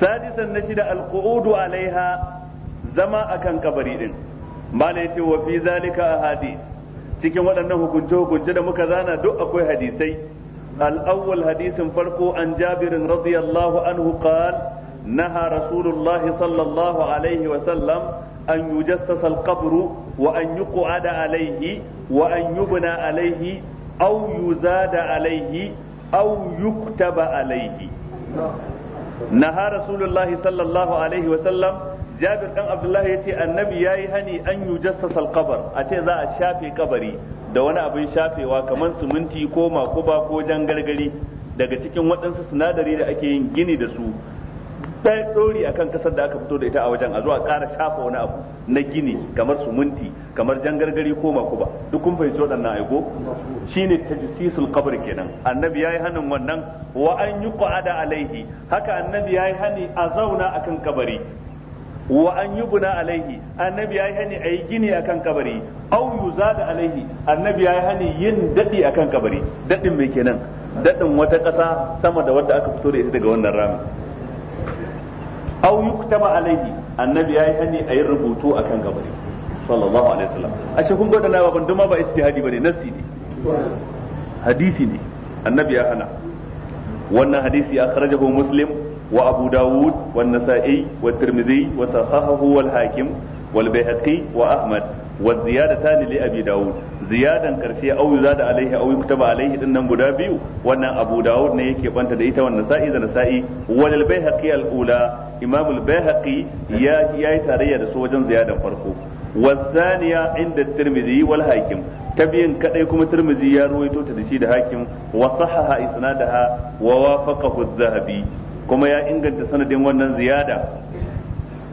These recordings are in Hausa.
sadisan na shida alqu'udu alaiha zama akan kabari din malai ce wa cikin waɗannan hukunce hukunce da muka zana duk akwai hadisai al-awwal hadisin farko an jabirin radiyallahu anhu qala نهى رسول الله صلى الله عليه وسلم أن يجسس القبر وأن يقعد عليه وأن يبنى عليه أو يزاد عليه أو يكتب عليه naha rasulullahi sallallahu alaihi wa sallam jabir dan abdullahi yace annabi yayi hani an yujassasa alqabar a ce za a shafe kabari da wani abin shafewa kamar siminti ko makuba ko jan gargari daga cikin waɗansu sinadari da ake yin gini da su ɗaya ɗori kan kasar da aka fito da ita a wajen a zuwa ƙara shafa wani abu na gini kamar sumunti kamar jangargari ko makuba duk kun fahimci waɗannan aiko shine tajsisul qabr kenan annabi ya yi hannun wannan wa an yuqada alaihi haka annabi ya yi hani a zauna kan kabari wa an buna alaihi annabi ya yi hani yi gini a kan kabari za da alaihi annabi ya yi hani yin dadi kan kabari dadin me kenan dadin wata ƙasa sama da wadda aka fito da ita daga wannan rami aw yuktaba alaihi annabi yayi hani a yi rubutu akan kabari sallallahu alaihi wasallam ashe kun gwada nawa ban duma ba istihadi bane nassi ne hadisi ne annabi ya hana wannan hadisi ya kharajahu muslim wa abu dawud wa nasa'i wa tirmidhi wa sahahahu wal hakim wal bayhaqi wa ahmad wa ziyadatan li abi daud ziyadan karshe au yuzada alaihi au yuktaba alaihi din nan guda biyu wannan abu daud ne yake banta da ita wannan sa'i da nasa'i walil baihaqi al ula imam ya yayi tarayya da su wajen ziyadan farko والثانية عند الترمذي والهاكم تبين كدي كما الترمذي يا رويتو تدشي da هاكم وصحها إسنادها ووافقه الذهبي كما يا إنجل تسند wannan ziyada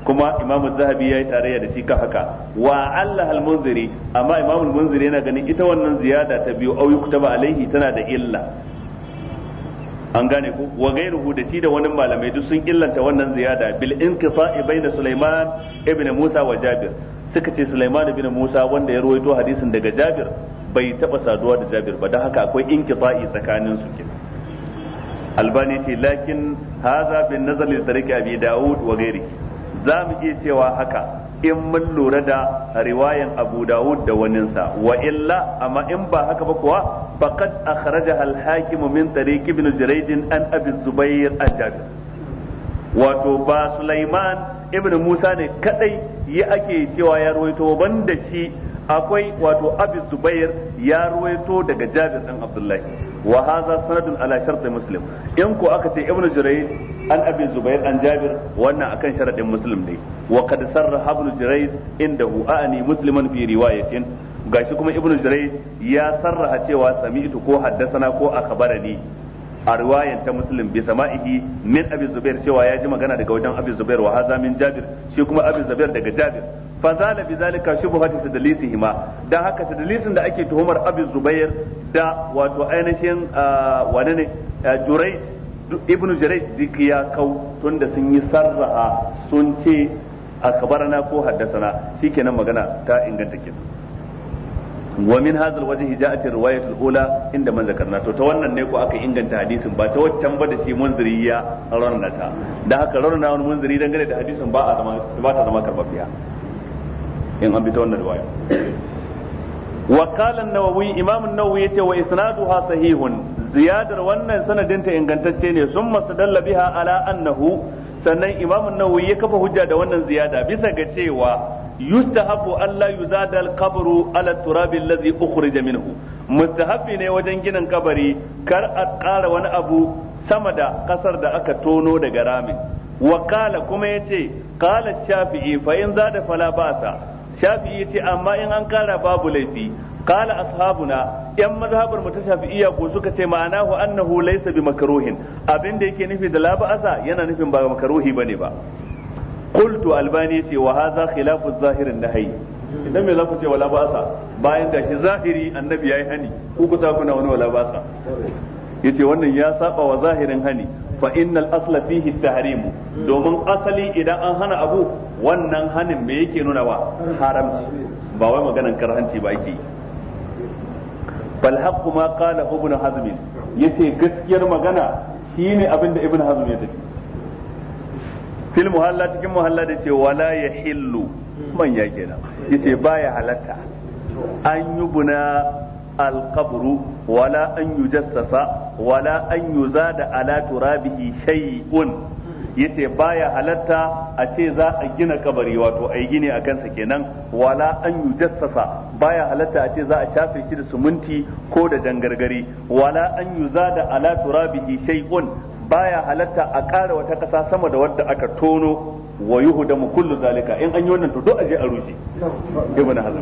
kuma imam zahabi ya yi tarayya da shi kan haka wa Allah al-munziri amma imam al yana ganin ita wannan ziyada ta biyu au yuktaba alaihi tana da illa an gane ku, wa gairuhu da shi da wani malamai duk sun illanta wannan ziyada bil inqisa'i baina Sulaiman ibn Musa wa Jabir suka ce Sulaiman ibn Musa wanda ya rawaito hadisin daga Jabir bai taba saduwa da Jabir ba dan haka akwai inqisa'i tsakanin su kenan albani ce lakin hadha bin nazari tariqi abi daud wa ghairihi za mu iya cewa haka in mun lura da riwayan Abu Dawud da waninsa wa illa amma in ba haka ba kuwa faqad akhraja al-hakim min tariq ibn Jurayd an Abi Zubair al-Jabir wato ba Sulaiman ibn Musa ne kadai ya ake cewa ya ruwaito banda shi akwai wato abi zubair ya ruwaito daga jabir dan abdullahi wa hadha sanadun ala shart muslim in ko aka ce ibnu jurayj an abi zubair an jabir wannan akan sharadin muslim ne wa kad sarraha ibnu jurayj indahu ani musliman fi riwayatin gashi kuma ibnu jurayj ya sarraha cewa sami'tu ko haddasana ko akhbarani a riwayan ta muslim bi sama'ihi min abi zubair cewa ya ji magana daga wajen abi zubair wa haza min jabir shi kuma abi zubair daga jabir fa zala bi zalika shubhatu tadlisihima dan haka tadlisin da ake tuhumar abi zubair da wato ainihin wane ne jurai ibnu jurai duk ya kau tunda sun yi sarraha sun ce akabarana ko haddasana shikenan magana ta inganta kenan wa min hadha alwajhi ja'at ar-riwayat al-ula inda man zakarna to ta wannan ne ko aka inganta hadisin ba ta waccan ba da shi munziri ya raunata da haka raunana wani munziri dangane da hadisin ba a zama ba ta zama karbafiya in an bi ta wannan riwaya wa qala an-nawawi imam an-nawawi yace wa isnaduha sahihun ziyadar wannan sanadin ta ingantacce ne sun sadalla biha ala annahu sannan imam an-nawawi ya kafa hujja da wannan ziyada bisa ga cewa yustahabu alla yuzada al-qabru ala turabi allazi ukhrija minhu mustahabi ne wajen ginin kabari kar a ƙara wani abu sama da ƙasar da aka tono daga ramin wakala kuma kuma yace kala shafi'i fa in zada fala ba'sa shafi'i yace amma in an kara babu laifi ƙala ashabuna ‘yan mazhabar mu ta ya ko suka ce ma'anahu annahu laysa bi makruhin abin da yake nufi da la ba'asa yana nufin ba makruhi bane ba qultu albani ce wa hadha khilafu zahirin nahyi idan me za ku ce wala basa bayan da shi zahiri annabi yayi hani ku ku ta kuna wani wala basa yace wannan ya saba wa zahirin hani fa innal asla fihi tahrimu domin asali idan an hana abu wannan hanin me yake nuna wa haramci ba wai maganan karhanci ba yake bal haqqu ma qala ibn hazm yace gaskiyar magana shine abinda ibn hazm ya tafi fil muhalla cikin muhalla da ce wala ya hillu manya kenan yace baya halatta an yi buna alqabru wala an yi yujassasa wala an yi za da alatu rabi ala un. shay'un yace baya halatta a ce za a gina kabari wato ai gini a kansa kenan wala an yi yujassasa baya halatta a ce za a shafe shi da suminti ko da dangargari wala an yi za da alatu rabi turabihi un. baya halatta a ƙara wata ƙasa sama da wadda aka tono wa mu kullu zalika in an yi wannan to duk aje a rushe ibn hazm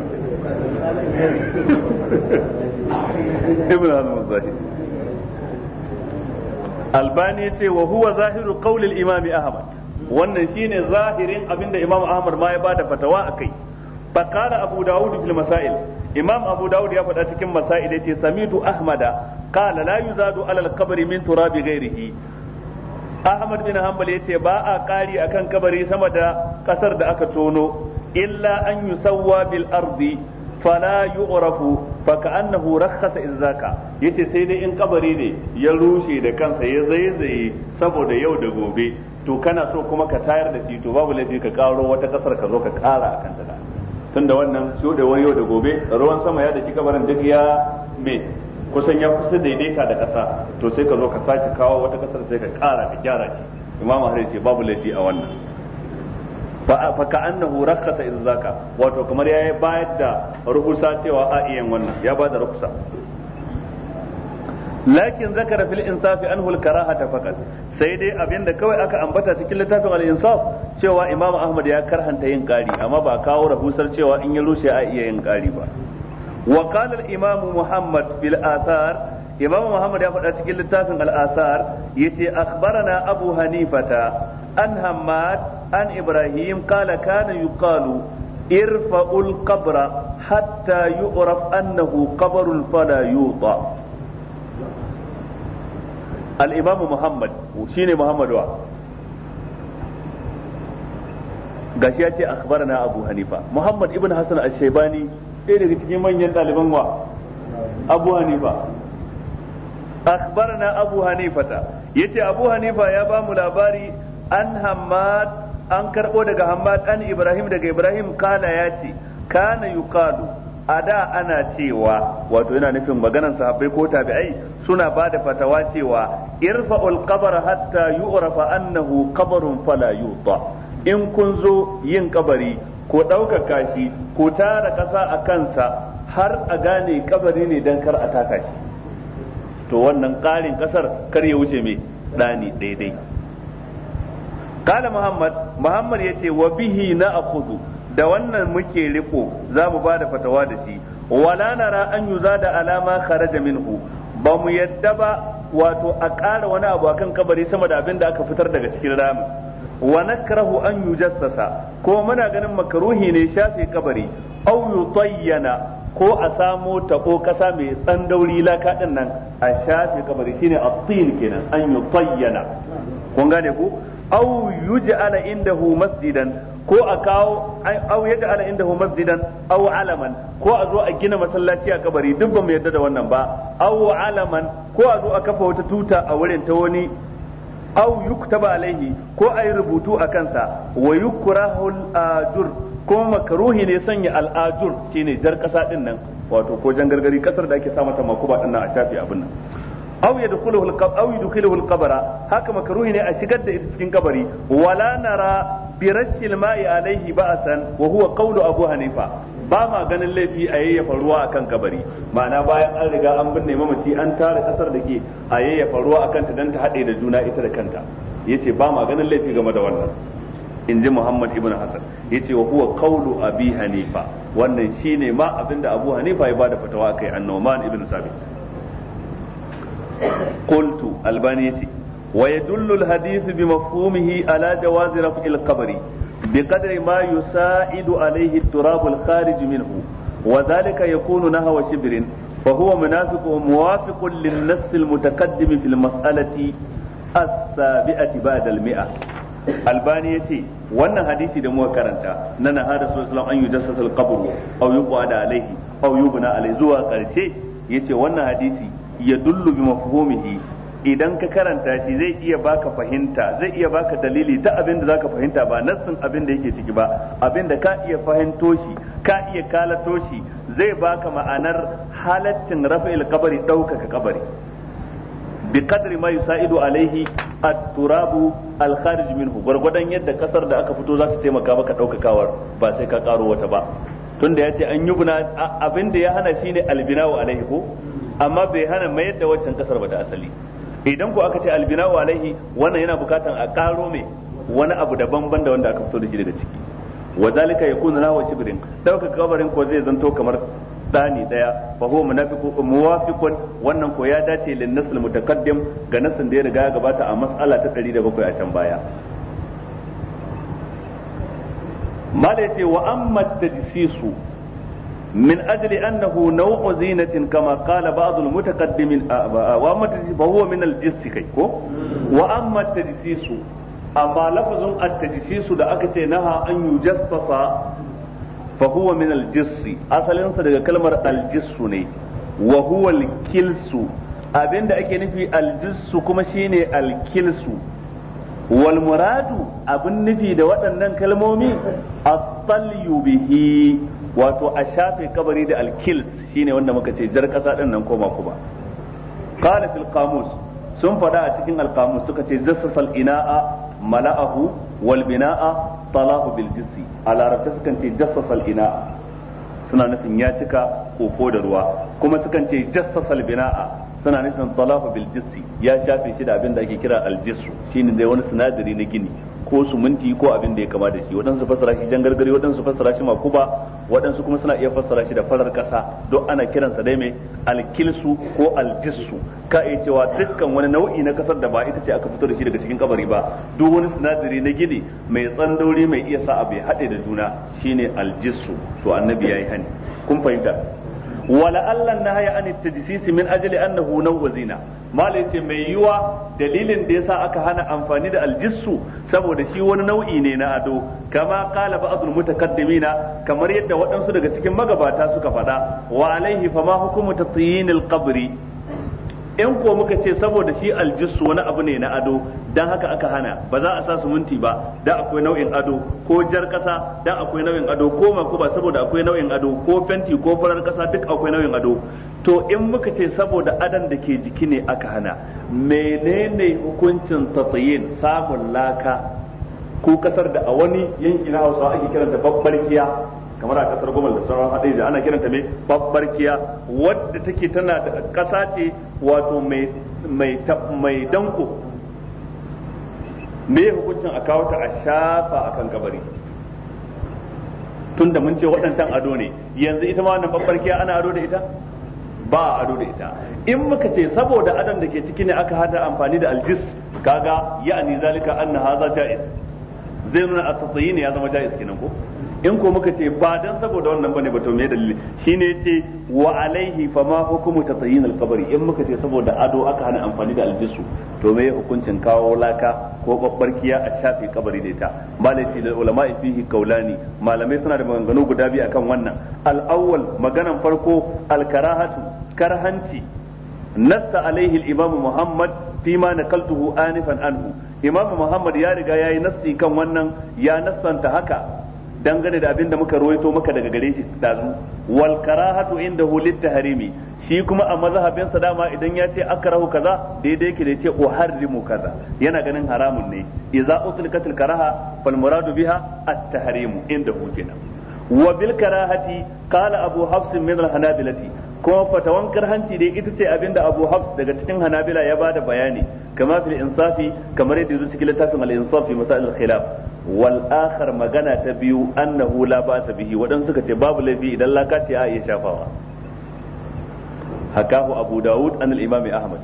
ibn hazm albani yace wa huwa zahiru qawl al-imam ahmad wannan shine zahirin abinda imam ahmad ma ya bada fatawa akai fa qala abu Dawud fil masail imam abu Dawud ya faɗa cikin masail yace samitu ahmada qala la yuzadu ala al-qabri min turabi ghairihi Ahmad bin Hanbal yace ba a ƙari akan kabari sama da ƙasar da aka tono illa an yusawwa bil ardi fala yu'rafu fa ka'annahu rakhasa izaka yace sai dai in kabari ne ya rushe da kansa ya zaizaye saboda yau da gobe to kana so kuma ka tayar da shi to babu laifi ka karo wata kasar ka zo ka kara akan ta tunda wannan wani yau da gobe ruwan sama ya daki kabarin duk ya me kusan ya kusa daidaita da ƙasa to sai ka zo ka sake kawo wata ƙasar sai ka ƙara ka gyara shi imamu har ce babu laifi a wannan fa ka annahu rakkasa idza zaka wato kamar yayi bayar da ruhusa cewa a iyan wannan ya bada ruhusa lakin zakara fil insafi anhu al karahata faqat sai dai abinda kawai aka ambata cikin littafin al insaf cewa imamu ahmad ya karhanta yin kari amma ba kawo rahusar cewa in ya rushe a iya yin kari ba wa qala al-imam Muhammad bil athar Muhammad ya faɗa cikin littafin al-athar yace akhbarana Abu Hanifata an Hammad an Ibrahim qala kana yuqalu irfa'ul qabra hatta yu'raf annahu qabrun fala yuta al-imam Muhammad shine Muhammad wa gashi ya ce Abu Muhammad ibn Hassan al ɗaya daga cikin manyan ɗaliban wa abu hanifa akhbarana abu hanifata yace abu hanifa ya ba mu labari an hammad an karbo daga hammad an ibrahim daga ibrahim kana yace kana yuqalu ada ana cewa wato yana nufin maganan sahabbai ko tabi'ai suna ba da fatawa cewa irfa'ul qabr hatta yu'rafa annahu qabrun fala yuta in kun zo yin kabari ko ɗaukar kashi, ko tara ƙasa a kansa har a gane kabari ne don kar a taka shi to wannan ƙarin ƙasar kar ya wuce mai ɗani daidai kala muhammad muhammad ya ce wa bihi na akudu da wannan muke riko za mu ba da fatawa da shi wala nara an za da alama kharaja minhu ba mu yadda ba wato a ƙara wani abu a kan kabari sama da abin da aka fitar daga cikin ramin wa nakrahu an yujassasa ko muna ganin makaruhi ne shafe kabari aw yutayyana ko a samo tako kasa mai dauri laka din nan a shafe kabari shine at-tin kenan an yutayyana kun gane ku aw yuj'ala indahu masjidan ko a kawo aw yaj'ala indahu masjidan aw alaman ko a zo a gina masallaci a kabari duk ba mu yarda da wannan ba aw alaman ko a zo a kafa wata tuta a wurin ta wani aw yuktaba alaihi ko ayi rubutu a kansa wa yukrahu al-ajur ko makruhi ne sanya al-ajur shine jar kasa din nan wato ko jan gargari kasar da ake sa mata makuba din nan a shafi abin nan aw yadkhuluhu al-qab aw yadkhuluhu al-qabra haka makruhi ne a shigar da ita cikin kabari wala nara bi rashil ma'i alaihi ba'san wa huwa qawlu abu hanifa ba ma ganin laifi a yayyafa ruwa kan kabari ma'ana bayan an riga an binne mamaci an tara kasar da ke a yayyafa ruwa a kanta, don ta haɗe da juna ita da kanta ya ce ba ma ganin laifi game da wannan in ji Muhammad ibn Hassan ya ce wa huwa kaulu Abi Hanifa wannan shi ne ma abinda Abu Hanifa ya bada fatawa kai annoman ibn Sabit qultu albani yace wa yadullu alhadith bi mafhumihi ala jawazi raf'il qabri بقدر ما يساعد عليه التراب الخارج منه وذلك يكون نهو شبر فهو منافق وموافق للنص المتقدم في المسألة السابعة بعد المئة albani ya ce wannan hadisi da muka karanta na na hada sallallahu an yujassasa alqabru aw yuqada alaihi aw yubna alaihi zuwa karshe ce, wannan hadisi ya dullu bi idan ka karanta shi zai iya baka fahimta zai iya baka dalili ta abin da ka fahimta ba nassin abin da yake ciki ba abin da ka iya fahimto shi ka iya kalato shi zai baka ma'anar halattin rafa'il kabari ɗaukaka kabari bi kadri ma yusaidu alaihi at-turabu al-kharij minhu gwargwadon yadda kasar da aka fito za ta taimaka maka ɗaukakawar ba sai ka karo wata ba tunda ya ce an yi buna abin ya hana shine albinawu alaihi ko amma bai hana mayar da waccan kasar ba ta asali idan ku aka ce albina wa alaihi wannan yana bukatan a karo mai wani abu daban ban da wanda aka fito da shi daga ciki wa zalika yakunu lahu shibrin dauka kabarin ko zai zanto kamar tsani daya fa huwa munafiqu muwafiqun wannan ko ya dace lin nasl mutaqaddim ga nasin da ya riga ya gabata a mas'ala ta 107 a can baya mala yace wa amma tajsisu من أجل أنه نوع زينة كما قال بعض المتقدمين وأما فهو من الجنس كيكو وأما التجسيس أما لفظ التجسيس da aka ce naha an yujassasa fa huwa aljissi asalin daga kalmar aljissu ne wa huwa alkilsu abinda ake nufi aljissu kuma shine alkilsu wal muradu abin nufi da waɗannan kalmomi at-talyu bihi wato a shafe kabari da alkils shine wanda muka ce jar kasa din nan koma kuma qala fil qamus sun fada a cikin alqamus suka ce jassasal ina'a mala'ahu wal bina'a talahu bil jissi a larabta sukan ce jassasal ina'a suna nufin ya cika koko da ruwa kuma sukan ce jassasal bina'a suna nufin talahu bil jissi ya shafe shi da abin da ake kira al jissu shine dai wani sinadari na gini ko minti ko abin da ya kama da shi waɗansu fassara shi jan gargari waɗansu fassara shi makuba waɗansu kuma suna iya fassara shi da farar ƙasa don ana kiransa dai mai alkilsu ko aljissu ka iya cewa dukkan wani nau'i na ƙasar da ba ita ce aka fito da shi daga cikin kabari ba duk wani sinadari na gini mai tsandauri mai iya sa abu ya haɗe da juna shine aljissu to annabi ya yi hani kun fahimta wala allan nahaya an tajsisi min ajli annahu naw'a zina malai ce mai yiwa dalilin da ya sa aka hana amfani da aljisu saboda shi wani nau'i ne na ado kama qala ba'dul mutaqaddimina kamar yadda waɗansu daga cikin magabata suka faɗa wa alaihi fama hukumu tatyinil qabri in ko muka ce saboda shi aljissu wani abu ne na ado dan haka aka hana ba za a sa minti ba dan akwai nau'in ado ko jar kasa dan akwai nau'in ado ko makuba saboda akwai nau'in ado ko fenti ko farar kasa duk akwai nau'in ado to in muka ce saboda adan da ke jiki ne aka hana menene hukuncin tatayin samun laka ko kasar da a wani yanki na Hausawa ake kiranta kiya kamar a kasar gomal da sauran da ana kiranta mai babbarkiya wadda take tana da kasa ce wato mai mai mai danko me hukuncin a kawo ta a shafa akan kabari tunda mun ce waɗancan ado ne yanzu ita ma wannan babbarkiya ana ado da ita ba ado da ita in muka ce saboda adam da ke ciki ne aka hada amfani da aljis kaga ya'ani zalika anna hadha jaiz zai nuna a ne ya zama jaiz kenan ko in ko muka ce ba dan saboda wannan bane ba to me dalili shine yace wa alaihi fa ma hukumu tatayyin al in muka ce saboda ado aka hana amfani da aljisu to me hukuncin kawo laka ko babbarkiya a shafi kabari da ita malati da ulama fihi kaulani malamai suna da maganganu guda biyu akan wannan al-awwal maganan farko al-karahatu karhanci nassa alaihi al-imam Muhammad fima nakaltuhu anifan anhu imam muhammad ya riga ya yi nassi kan wannan ya nassanta haka dangane da abin da muka ruwaito maka daga gare shi dazu wal karahatu indahu harimi shi kuma a mazhabin sa dama idan ya ce akrahu kaza daidai yake da ce uharrimu kaza yana ganin haramun ne idza utlikatil karaha fal muradu biha at tahrimu inda kenan wa bil karahati qala abu hafs min al hanabilati kuma fatawan karhanci dai ita ce abinda abu hafs daga cikin hanabila ya bada bayani kama fil insafi kamar yadda yazo cikin littafin al insafi masail khilaf wal magana ta biyu annahu la ta bihi wadan suka ce babu laifi idan laka ce a iya shafawa hakahu abu daud an al imam ahmad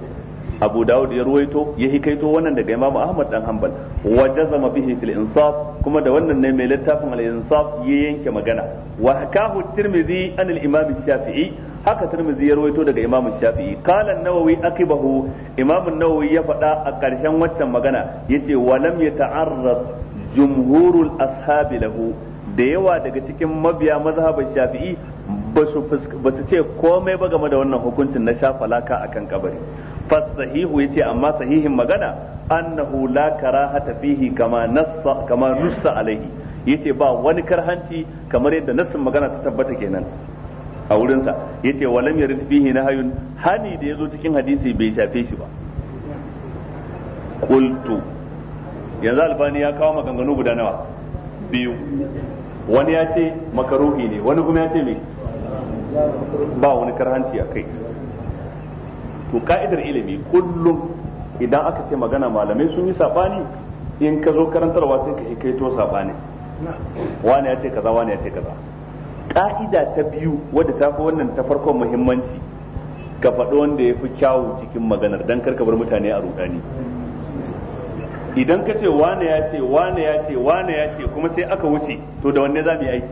abu daud ya ruwaito ya hikaito wannan daga imam'u ahmad dan hanbal wa jazama bihi fil insaf kuma da wannan ne mai littafin al insaf ya yanke magana wa hakahu tirmidhi an al imam shafi'i haka tirmidhi ya ruwaito daga imam'u shafi'i qala an-nawawi akibahu imam nawawi ya faɗa a karshen waccan magana yace wa lam yata'arrad jumhurul ashabi lahu da yawa daga cikin mabiya mazhabin shafi'i ba su ce komai ba game da wannan hukuncin na shafa laka akan kabari fasahihu yace amma sahihin magana annahu la karahata fihi kama nassa kama nussa alaihi yace ba wani karhanci kamar yadda nassin magana ta tabbata kenan a wurinsa yace walam yarid fihi nahyun hani da yazo cikin hadisi bai shafe shi ba qultu yanzu albani ya kawo maganganu guda nawa biyu wani ya ce makaruhi ne wani kuma ya ce me ba wani karhanci a kai to ka'idar ilimi kullum idan aka ce magana malamai sun yi sabani in ka zo karantarwa sai ka to sabani wani ya ce kaza wani ya ce kaza ka'ida ta biyu wadda ta fi wannan ta farkon muhimmanci ka faɗi wanda ya fi kyawu cikin maganar don karka bar mutane a rudani idan ka ce wane ya ce wane ya ce wane ya ce kuma sai aka wuce to da wanne za mu yi aiki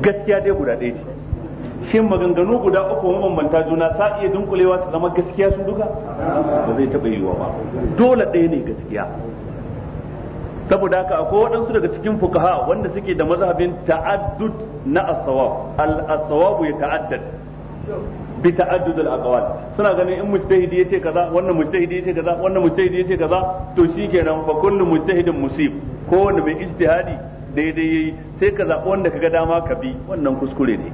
gaskiya dai guda ɗaya ce shin maganganu guda uku mabambanta juna sa iya dunkulewa su zama gaskiya su duka ba zai taɓa yiwuwa ba dole ɗaya ne gaskiya saboda haka akwai waɗansu daga cikin fukaha wanda suke da mazhabin ta'addud na asawab al asawabu ya ta'addad bi ta'addud al-aqwal suna ganin in mujtahidi yace kaza wannan mujtahidi yace kaza wannan mujtahidi yace kaza to shikenan fa kullu mujtahidin musib ko wanda mai ijtihadi daidai yayi sai ka zaɓi wanda kaga dama ka bi wannan kuskure ne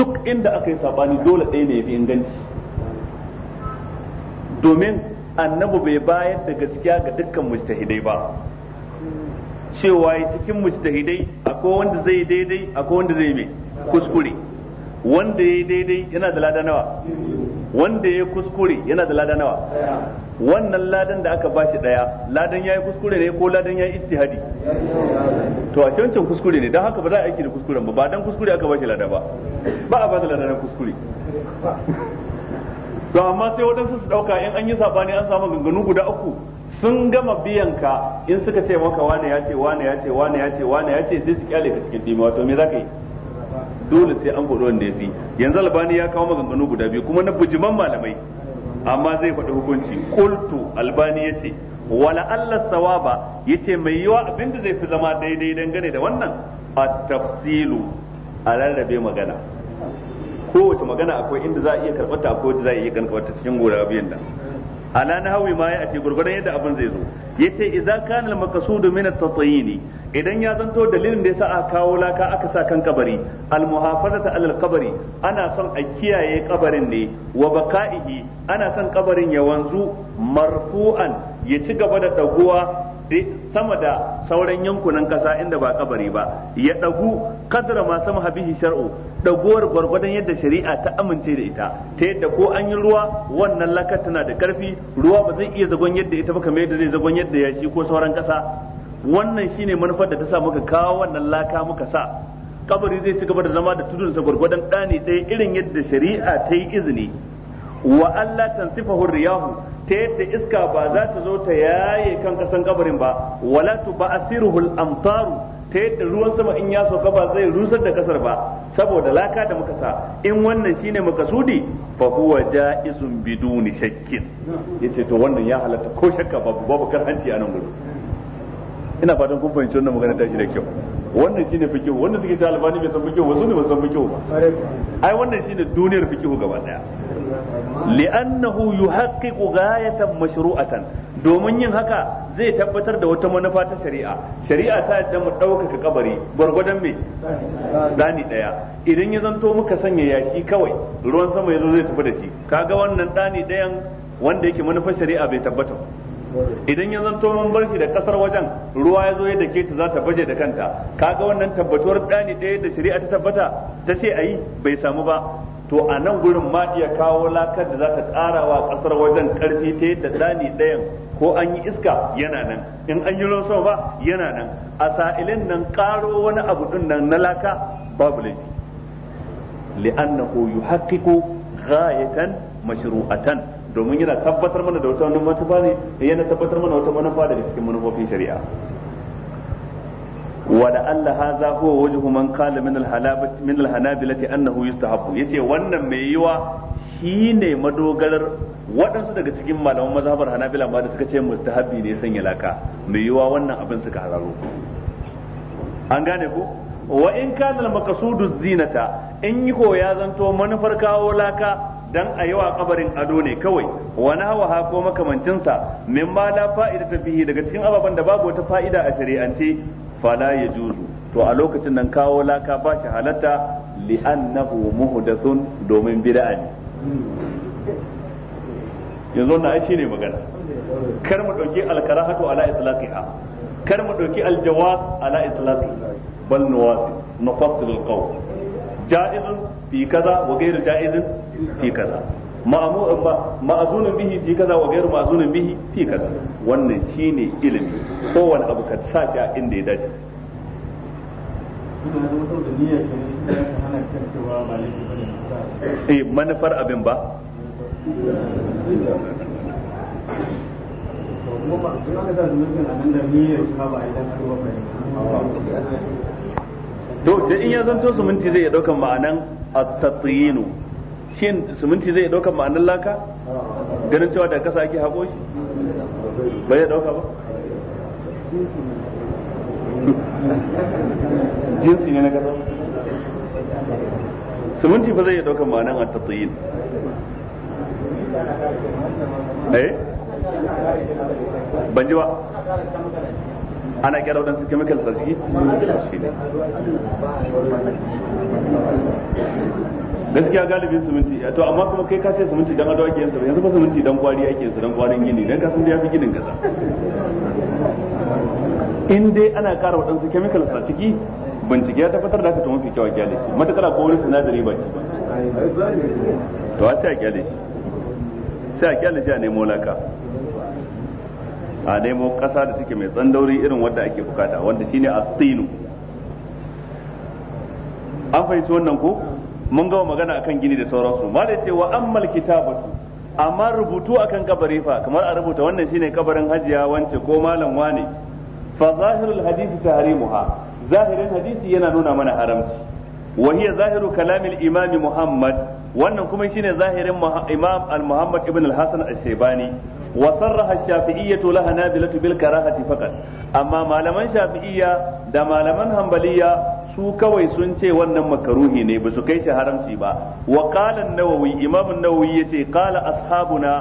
duk inda aka yi sabani dole ɗaya ne ya fi inganci domin annabi bai bayar da gaskiya ga dukkan mujtahidai ba cewa cikin mujtahidai akwai wanda zai daidai akwai wanda zai mai kuskure wanda ya daidai yana da lada nawa wanda ya kuskure yana da lada nawa wannan ladan da aka bashi daya ladan yayi kuskure ne ko ladan yayi ijtihadi to a cancan kuskure ne dan haka ba za a aiki da kuskuren ba ba dan kuskure aka bashi lada ba ba a ba da ladan kuskure to amma sai waɗansu su ɗauka in an yi sabani an samu ganganu guda uku sun gama biyan ka in suka ce maka wane ya ce wane ya ce wane ya ce wane ya ce sai su kyale ka cikin dima wato me za ka yi dole sai an faɗi wanda ya fi yanzu albani ya kawo maganganu guda biyu kuma na bujiman malamai amma zai faɗi hukunci kultu albani yace wala allah sawaba ya ce mai yiwa abinda zai fi zama daidai dangane da wannan A tafsilu a rarrabe magana kowace magana akwai inda za a iya ta akwai inda za a iya ta cikin gora biyan nan ala nahwi ma ya ati gurgurdan yadda abin zai zo yace idza kana al maqsudu min at tatayini idan ya zanto dalilin da yasa aka kawo laka aka sa kan kabari al muhafazata al qabri ana son a kiyaye kabarin ne wa baqaihi ana son kabarin ya wanzu marfu'an ya ci gaba da dagowa sama da sauran yankunan kasa inda ba kabari ba ya dagu kadra ma sama habihi shar'u dagowar gwargwadon yadda shari'a ta amince da ita ta yadda ko an yi ruwa wannan lakar tana da karfi ruwa ba zai iya zagon yadda ita ba kamar yadda zai zagon yadda shi ko sauran kasa wannan shine manufar da ta sa muka kawo wannan laka muka sa kabari zai ci gaba da zama da tudun sa gwargwadon ɗani ɗaya irin yadda shari'a ta yi izini wa Allah tansifahu riyahu ta yadda iska ba za ta zo ta yaye kan kasan kabarin ba wala tu ba'asiruhul amtaru ta yadda ruwan sama in ya sauka ba zai rusar da kasar ba saboda laka da muka sa in wannan shine makasudi fa huwa ja'izun biduni shakkin yace to wannan ya halatta ko shakka babu babu karanci a nan gudu ina fatan kun fahimci wannan magana ta shi da kyau wannan shine fikihu wannan suke ta albani bai san fikihu wasu ne ba san fikihu ba ai wannan shine duniyar fikihu gaba daya li'annahu ya ghayatan mashru'atan domin yin haka zai tabbatar da wata manufa ta shari'a shari'a ta yadda mu ɗaukaka kabari gwargwadon me dani daya idan ya zanto muka sanya yashi kawai ruwan sama ya zo zai tafi da shi kaga wannan dani dayan wanda yake manufar shari'a bai tabbata idan ya zanto mun bar shi da kasar wajen ruwa ya zo ya dake ta za ta baje da kanta kaga wannan tabbatuwar dani daya da shari'a ta tabbata ta ce ayi bai samu ba to a nan gurin ma iya kawo lakar da za ta ƙara wa ƙasar wajen ƙarfi ta yadda tsani ɗayan ko an yi iska yana nan in an yi ruwan ba yana nan a sa'ilin nan ƙaro wani abu ɗin nan na laka babu laifi li'annahu yuhaqqiqu ghayatan mashru'atan domin yana tabbatar mana da wata manufa ne yana tabbatar mana wata manufa da cikin manufofin shari'a ولعل هذا هو وجه من قال من الحلابة من الحنابلة أنه يستحب يتي وانا ميوا shine madogarar waɗansu daga cikin malaman mazhabar hanabila ma da suka ce mustahabi ne sanya laka mai yiwa wannan abin suka hararo an gane ku wa in kana maqsudu zinata in yi ko ya zanto manufar kawo laka dan a yawa kabarin ado ne kawai wani hawa ha ko makamancinsa min ma la fa'ida fihi daga cikin ababen da babu wata fa'ida a shari'ance fala ya juzu to a lokacin nan kawo laka ba shi halatta annahu muhdathun domin bid'a ne yanzu na ai shine magana kar mu dauki alkarahatu ala itlaqiha kar mu dauki aljawaz ala itlaqi bal nuwasi nufassil alqawl jaizun fi kaza wa ghayru jaizun fi kaza ma'azunin bihi fi kaza wa gairu ma'azunin bihi fi kaza wannan shine ilimi kowane abu ka sa shi a inda ya dace eh manufar abin ba to da in ya zanto su minti zai ya daukan ma'anan at-tatyinu shin suminti zai ɗaukar ma'anin laka ganin cewa da kasa ake haƙo shi bai ya ɗauka ba jinsi ne na kasa suminti ba zai iya ɗaukar ma'anar a tattayin eh ban ji ba ana gyara waɗansu chemicals a gaskiya galibin siminti eh, to amma kuma kai ka ce dan adawa ke yansa yanzu ba suminti dan kwari ake yansa dan kwarin gini dan kasan da yafi ginin kasa in dai ana ƙara su chemical a ciki bincike ya tabbatar da ka to mafi kyau a kyale shi matakala ko wani sinadari ba ki to a sai a kyale shi sai a kyale shi a nemo laka a nemo ƙasa da take mai tsandauri irin wadda ake bukata wanda shine astinu an fahimci wannan ko mun gama magana akan gini da sauransu ma da ce wa ammal kitabatu amma rubutu akan kabari fa kamar a rubuta wannan shine kabarin hajiya wance ko malam wane fa zahirul hadisi tahrimuha zahirin hadisi yana nuna mana haramci wa hiya zahiru kalamil imam muhammad wannan kuma shine zahirin imam al muhammad ibn al hasan al shaybani wa sarraha shafi'iyyah laha nabilatu bil karahati faqat amma malaman shafi'iyya da malaman hambaliya. su kawai sun ce wannan makaruhi ne ba su kai shi haramci ba wa qala an-nawawi imam an-nawawi yace qala ashabuna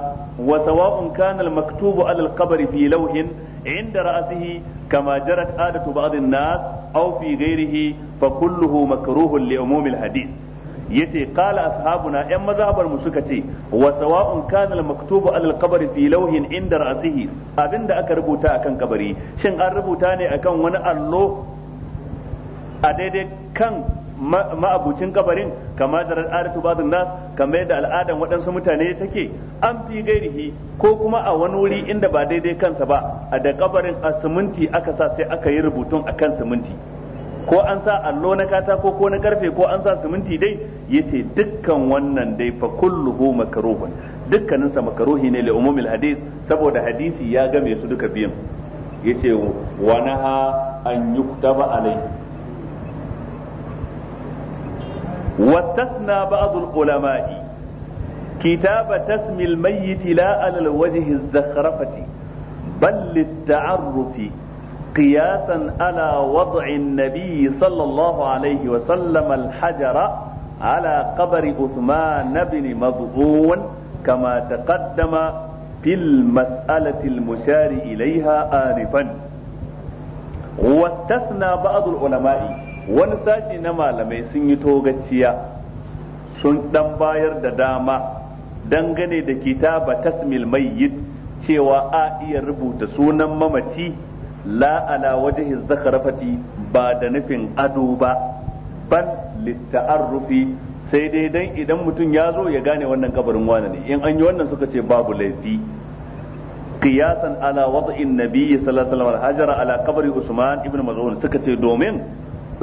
wa sawa'un kana al-maktubu ala al-qabr fi lawhin inda ra'sihi kama jarat adatu ba'd an-nas aw fi ghayrihi fa kulluhu makruhun li umum al-hadith yace qala ashabuna yan mazhabar mu suka ce wa sawa'un kana al-maktubu ala al-qabr fi lawhin inda abinda aka rubuta akan kabari shin an rubuta ne akan wani allo a daidai kan ma'abucin kabarin kama da al'adatu ba nas kamar yadda al'adan waɗansu mutane take an fi gairihi ko kuma a wani wuri inda ba daidai kansa ba a da kabarin a siminti aka sa sai aka yi rubutun a kan siminti ko an sa allo na katako ko na karfe ko an sa siminti dai yace dukkan wannan dai fa kulluhu makruhun dukkaninsa makruhi ne li umumil hadith saboda hadisi ya game su duka biyan yace wa naha an yuktaba alai واستثنى بعض العلماء كتاب تسمي الميت لا على الوجه الزخرفة بل للتعرف قياسا على وضع النبي صلى الله عليه وسلم الحجر على قبر عثمان بن مضعون كما تقدم في المسألة المشار إليها آنفا واستثنى بعض العلماء wani sashi na malamai sun yi togaciya sun dan bayar da dama dangane da kitaba tasmil mayyit cewa a iya rubuta sunan mamaci la ala wajhi zakarafati ba da nufin ado ba bal litta'arrufi sai dai dan idan mutum ya zo ya gane wannan kabarin wane ne in an yi wannan suka ce babu laifi qiyasan ala wad'in nabiy sallallahu alaihi wasallam hajara ala kabari usman ibn maz'un suka ce domin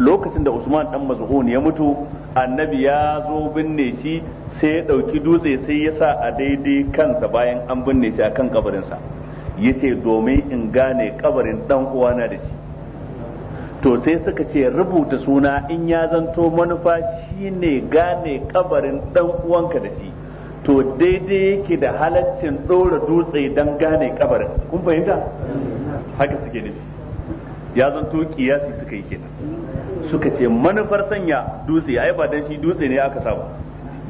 lokacin da Usman dan mas'ud ya mutu annabi ya zo binne shi sai ya dauki dutse sai ya sa a daidai kansa bayan an binne shi akan kabarinsa yace domin in gane kabarin dan uwana da shi to sai suka ce rubuta suna in ya zanto manufa shine gane kabarin dan uwanka da shi to daidai yake da halaccin ɗora dutse don gane kabarin kun fahimta haka suke ne ya zanto kiyasi suka yi kenan suka ce manufar sanya dutse ai ba dan shi dutse ne aka sa ba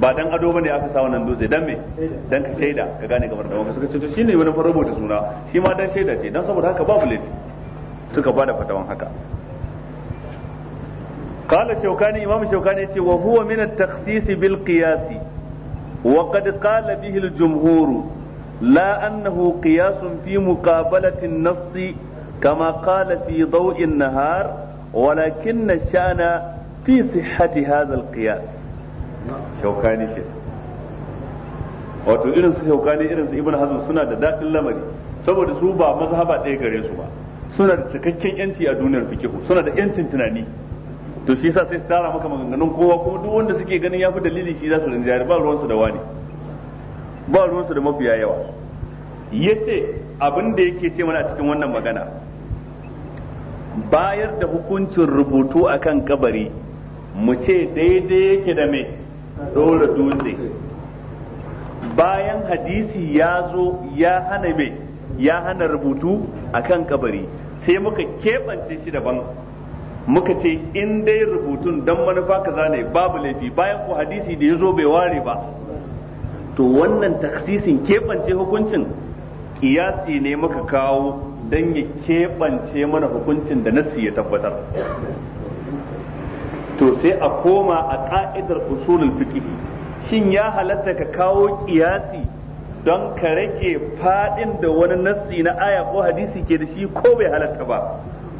ba dan ado bane aka sa wannan dutse dan me dan ka shaida ka gane gabar da wanda suka ce to shine manufar rubuta suna shi ma dan shaida ce dan saboda haka babu laifi suka bada fatawan haka قال شوكاني إمام شوكاني وهو من التخصيص بالقياس وقد قال به الجمهور لا أنه قياس في مقابلة النص كما قال في ضوء النهار walakin na sha'ana fi sihhati hadha alqiyas shaukani ke wato irin su shaukani irin su ibn hazm suna da dadin lamari saboda su ba mazhaba ɗaya gare su ba suna da cikakken yanci a duniyar fikihu suna da yancin tunani to shi yasa sai su tara maka maganganun kowa kuma duk wanda suke ganin yafi dalili shi za su rinjayar ba ruwansu da wani ba ruwansu da mafiya yawa yace abin da yake ce mana a cikin wannan magana bayar da hukuncin rubutu akan kabari mu ce daidai yake da mai dora dutse bayan hadisi ya zo ya hana mai ya hana rubutu akan kabari sai muka keɓance shi daban muka ce in dai rubutun don manufa ka zane babu laifi bayan ko hadisi da ya zo bai ware ba to wannan taksisin keɓance hukuncin kiyasi ne muka kawo dan ya keɓance mana hukuncin da nassi ya tabbatar to sai a koma a ƙa'idar usulul fiqh shin ya halatta ka kawo kiyasi don ka rage fadin da wani nassi na aya ko hadisi ke da shi ko bai halatta ba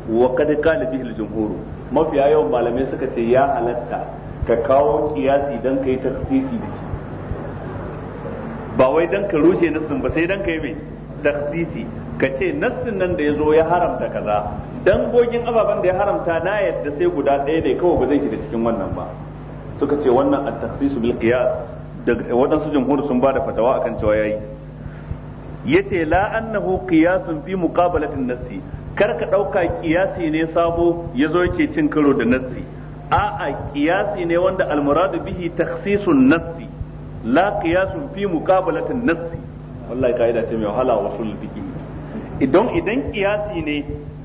wa kad qala bihi al-jumhur mafiya yawan malamai suka ce ya halatta ka kawo kiyasi don kai tafsiri da shi ba wai don ka rushe nassin ba sai don ka yi mai tafsiri ka ce nassin nan da ya zo ya haramta kaza dan gogin ababen da ya haramta na yadda sai guda ɗaya ne kawai ba zai shiga cikin wannan ba suka ce wannan at-takhsisu bil qiyas da waɗansu jumhur sun ba da fatawa akan cewa yayi yace la annahu qiyasun fi muqabalatin nassi kar ka ɗauka kiyasi ne sabo ya yake cin karo da nassi a'a kiyasi ne wanda almuradu bihi takhsisun nassi la qiyasun fi muqabalatin nassi wallahi kaida ce mai wahala wasul fiqi idan idan kiyasi ne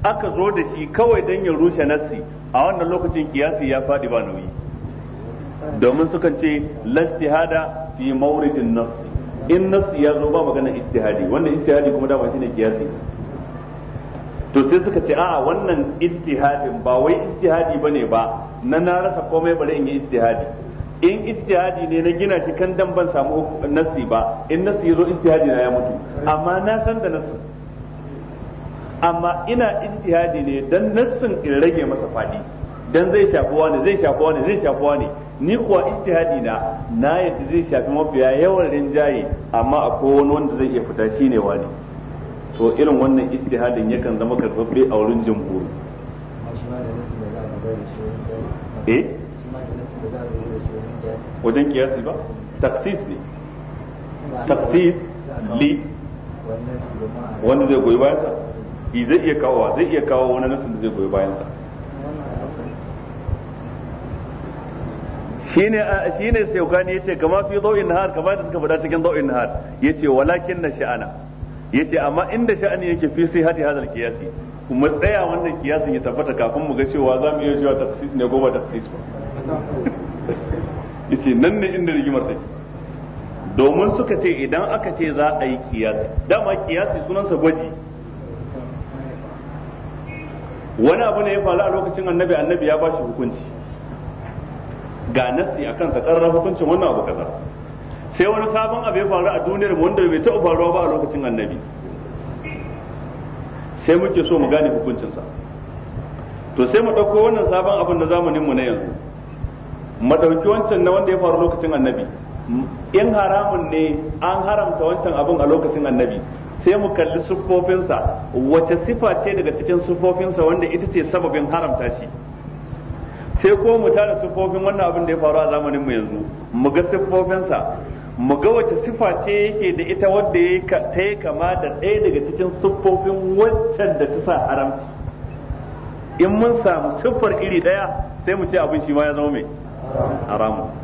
aka zo da shi kawai don ya rushe nassi a wannan lokacin kiyasi ya faɗi ba nauyi domin sukan ce lastihada fi mauridin nassi in nassi ya zo ba magana istihadi wannan istihadi kuma dama shine kiyasi to sai suka ce a'a wannan istihadin ba wai istihadi bane ba na na rasa komai bare in yi istihadi in istihadi ne na gina shi kan dan ban samu nassi ba in nassi yazo istihadi na ya mutu amma na san da nassi amma ina ijtihadi ne dan nassin in rage masa fadi dan zai shafi wani zai shafi wani zai shafi wani ni kuwa ijtihadi na na yadda zai shafi mafiya yawan rinjaye amma akwai wani wanda zai iya fita shi ne wani to irin wannan ijtihadin yakan zama karfafe a wurin jamhuri eh wajen kiyasi ba taksis ne taksis li wanda zai goyi bayan sa shi zai iya kawo zai iya kawo wani nasin da zai goyi bayansa shine shine saukani yace kama fi dau'in nahar kama da suka faɗa cikin dau'in nahar yace walakin na sha'ana yace amma inda sha'ani yake fi sai hadi hadal qiyasi kuma tsaya wannan kiyasin ya tabbata kafin mu ga cewa za mu iya cewa tafsis ne ko ba tafsis ba yace nan ne inda rigimar take domin suka ce idan aka ce za a yi kiyasi dama kiyasi sunansa gwaji wani abu ne ya faru a lokacin annabi annabi ya ba shi hukunci ga nassi a kansa ƙarrar hukuncin wannan abu kaza sai wani sabon abu ya faru a duniyar wanda bai taɓa faruwa ba a lokacin annabi sai muke so mu gane hukuncinsa to sai mu ɗauko wannan sabon abin na zamanin mu na yanzu mu ɗauki wancan na wanda ya faru lokacin annabi in haramun ne an haramta wancan abin a lokacin annabi sai mu kalli siffofinsa wace sifa ce daga cikin siffofinsa wanda ita ce sababin haramta shi sai ko mu tara siffofin wannan abin da ya faru a zamanin mu yanzu mu ga siffofinsa mu ga wace sifa ce yake da ita wanda ta yi kama da ɗaya daga cikin siffofin waccan da ta sa haramci in mun samu siffar iri ɗaya sai mu ce abin shi ma ya zama mai haramu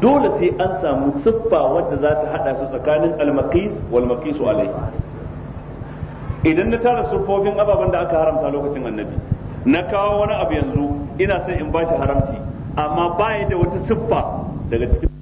dole sai an samu siffa wadda za ta hada su tsakanin almakis wal makisu alai idan na tara siffofin ababen da aka haramta lokacin annabi na kawo wani abu yanzu ina son in bashi haramci amma baya da wata siffa daga cikin